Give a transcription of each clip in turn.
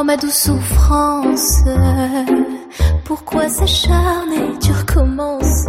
Oh ma douce souffrance, pourquoi s'acharner, tu recommences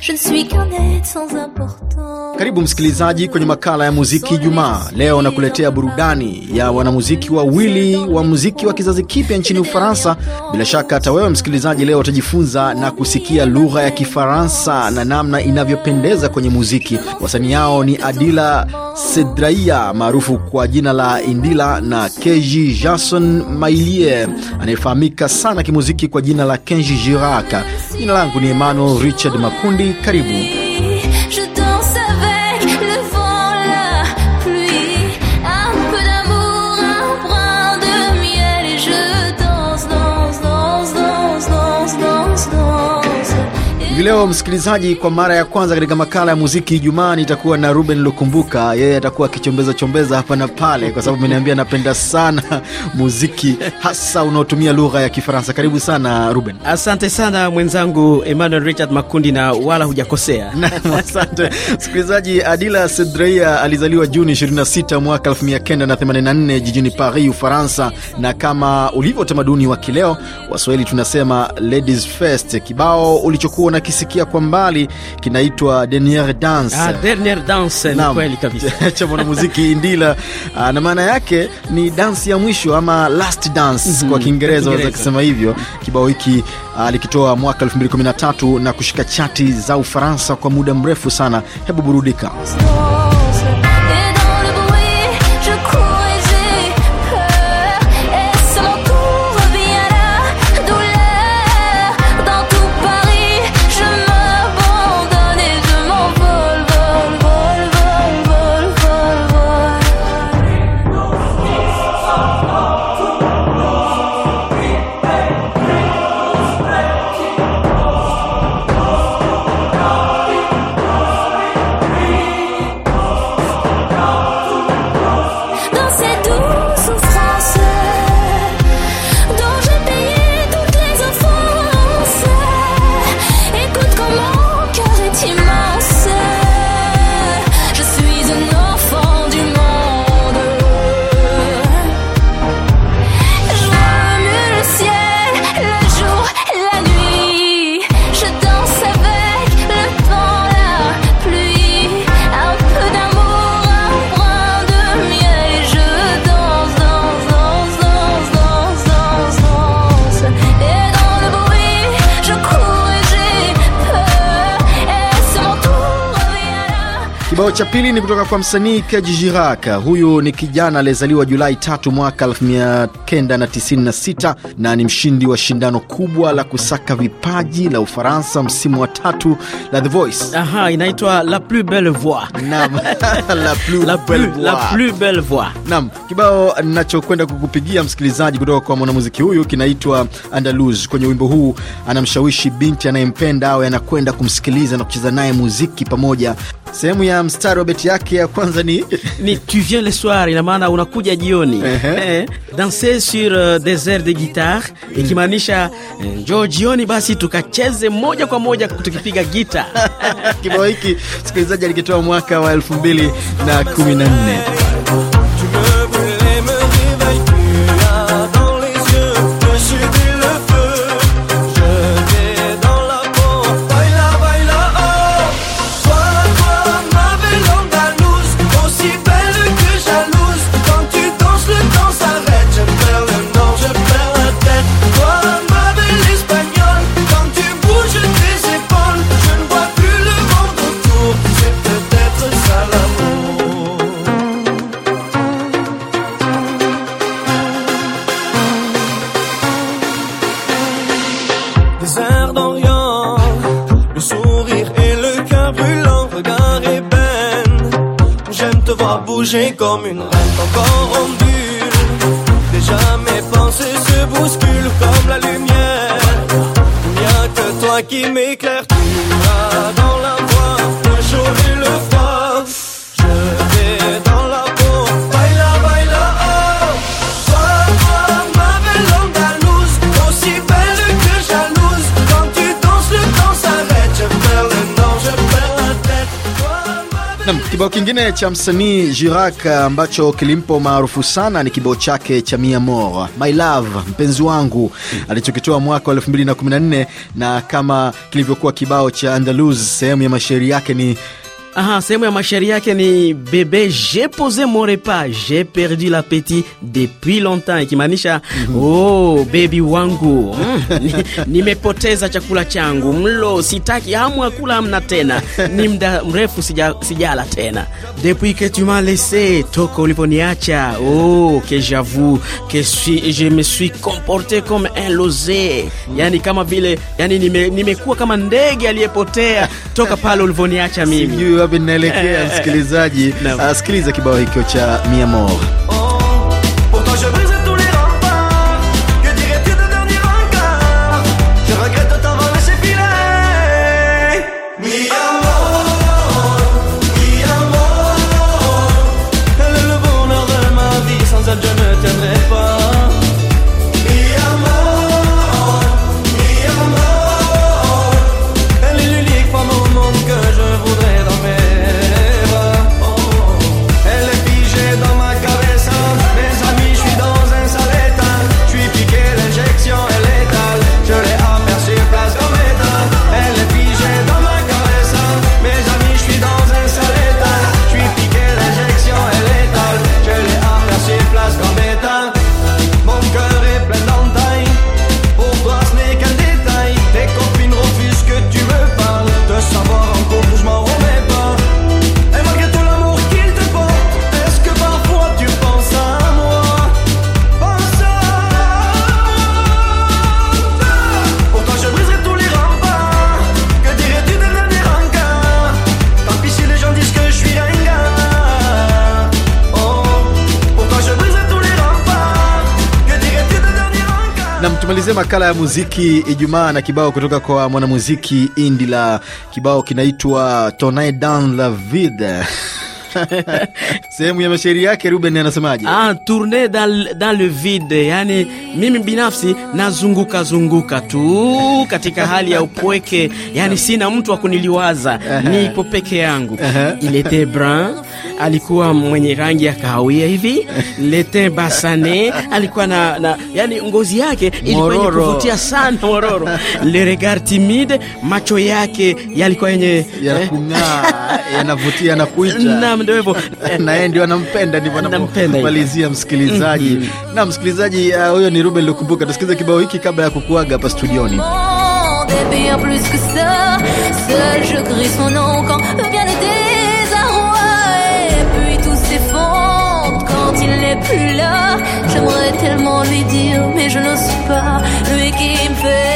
Je ne suis qu'un être sans importance. Karibu msikilizaji kwenye makala ya muziki Ijumaa. Leo nakuletea burudani ya wanamuziki wawili wa muziki wa kizazi kipya nchini Ufaransa. Bila shaka hata wewe msikilizaji leo utajifunza na kusikia lugha ya Kifaransa na namna inavyopendeza kwenye muziki. Wasanii yao ni Adila Sedraia maarufu kwa jina la Indila na Keji Jason Mailier anayefahamika sana kimuziki kwa jina la Kenji Jiraka. Jina langu ni Emmanuel Richard Makundi, karibu. leo msikilizaji, kwa mara ya kwanza katika makala ya muziki Ijumaa nitakuwa na Ruben Lukumbuka. Yeye atakuwa akichombeza chombeza hapa na pale, kwa sababu ameniambia napenda sana muziki hasa unaotumia lugha ya Kifaransa. Karibu sana Ruben. Asante sana mwenzangu Emmanuel Richard Makundi, na wala hujakosea. Asante msikilizaji. Adila Sedreia alizaliwa Juni 26 mwaka 1984 jijini Paris, Ufaransa, na kama ulivyo utamaduni wa kileo Waswahili tunasema ladies first. Kibao ulichokuwa na ukikisikia kwa mbali kinaitwa Dernier Dance. Ah, Dernier Dance ni kweli kabisa. Cha mwanamuziki Indila ah, na maana yake ni dansi ya mwisho ama last dance mm -hmm. Kwa Kiingereza waweza kusema hivyo. Kibao hiki alikitoa ah, mwaka 2013 na kushika chati za Ufaransa kwa muda mrefu sana. Hebu burudika. Kibao cha pili ni kutoka kwa msanii Keji Jiraka. Huyu ni kijana aliyezaliwa Julai 3 mwaka 1996 na ni mshindi wa shindano kubwa la kusaka vipaji la Ufaransa msimu wa tatu la The Voice. Aha, inaitwa La Plus Belle Voix. nam La Plus La Belle Voix. La Plus Belle Voix. kibao ninachokwenda kukupigia msikilizaji kutoka kwa mwanamuziki huyu kinaitwa Andalus. Kwenye wimbo huu anamshawishi binti anayempenda awe anakwenda kumsikiliza na kucheza naye muziki pamoja sehemu ya mstari wa beti yake ya kwanza ni ni tu viens le soir, ina maana unakuja jioni. uh danser sur uh, des de guitare mm. ikimaanisha eh, njoo jioni basi tukacheze moja kwa moja tukipiga gita. Kibao hiki msikilizaji alikitoa mwaka wa 2014. voir bouger comme une reine encore en Déjà mes pensées se bousculent comme la lumière. Il n'y a que toi qui m'éclaire, tu dans la Nam, kibao kingine cha msanii Jirak eh, ambacho kilimpo maarufu sana ni kibao chake cha miamor My Love, mpenzi wangu alichokitoa mwaka wa 2014 na kama kilivyokuwa kibao cha Andalus, sehemu ya mashairi yake ni Aha, sehemu ya mashairi yake ni bébé j'ai posé mon repas j'ai perdu l'appétit depuis longtemps, ikimaanisha mhm. oh, bebi wangu mm, nimepoteza chakula changu, mlo sitaki, hamu kula amna tena, ni muda mrefu sija, sijala tena. Depuis que tu m'as laissé, toka uliponiacha, oh que j'avoue que suis, je me suis comporté comme un losé, yani kama vile, yani nimekuwa nime kama ndege aliyepotea toka pale ulivoniacha mimi wapi ninaelekea, msikilizaji. Ah, sikiliza kibao hicho cha Miamor. tumalizie makala ya muziki Ijumaa na kibao kutoka kwa mwanamuziki Indila. Kibao kinaitwa Tonne dans la Vide. sehemu ya mashairi yake Ruben anasemaje? Ah, tourner dans, le vide, yani mimi binafsi nazunguka zunguka tu katika hali ya upweke, yani sina mtu wa kuniliwaza, nipo peke yangu. Il était brun, alikuwa mwenye rangi ya kahawia hivi, lete basane, alikuwa na, na yani ngozi yake ilikuwa yenye kuvutia sana mororo, le regard timide, macho yake yalikuwa yenye yanakung'aa, eh. yanavutia na kuita ndio hivyo, na yeye ndio anampenda, ndivyo anamalizia msikilizaji. Mm-hmm. Na msikilizaji uh, huyo ni Ruben Lukumbuka. Tusikize kibao hiki kabla ya kukuaga hapa studioni. Oh, je crie plus là. J'aimerais tellement lui dire, mais je n'ose pas, lui qui me fait.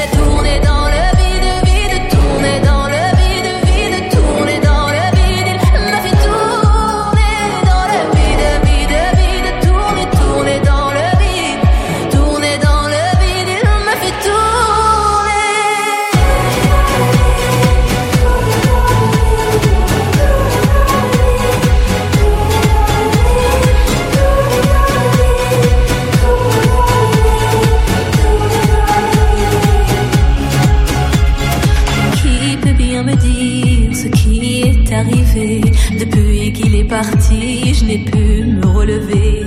Depuis qu'il est parti, je n'ai pu me relever.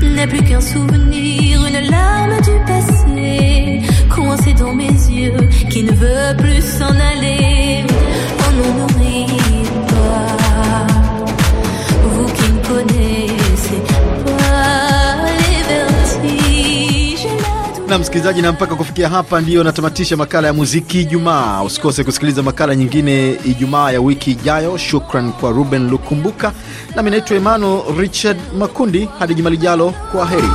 Ce n'est plus qu'un souvenir, une larme du passé, coincée dans mes yeux, qui ne veut plus s'en aller. Oh non, nourrit pas, vous qui me connaissez. na msikilizaji, na mpaka kufikia hapa ndiyo natamatisha makala ya muziki Ijumaa. Usikose kusikiliza makala nyingine Ijumaa ya wiki ijayo. Shukran kwa Ruben Lukumbuka, nami naitwa Emmanuel Richard Makundi. Hadi juma lijalo, kwa heri.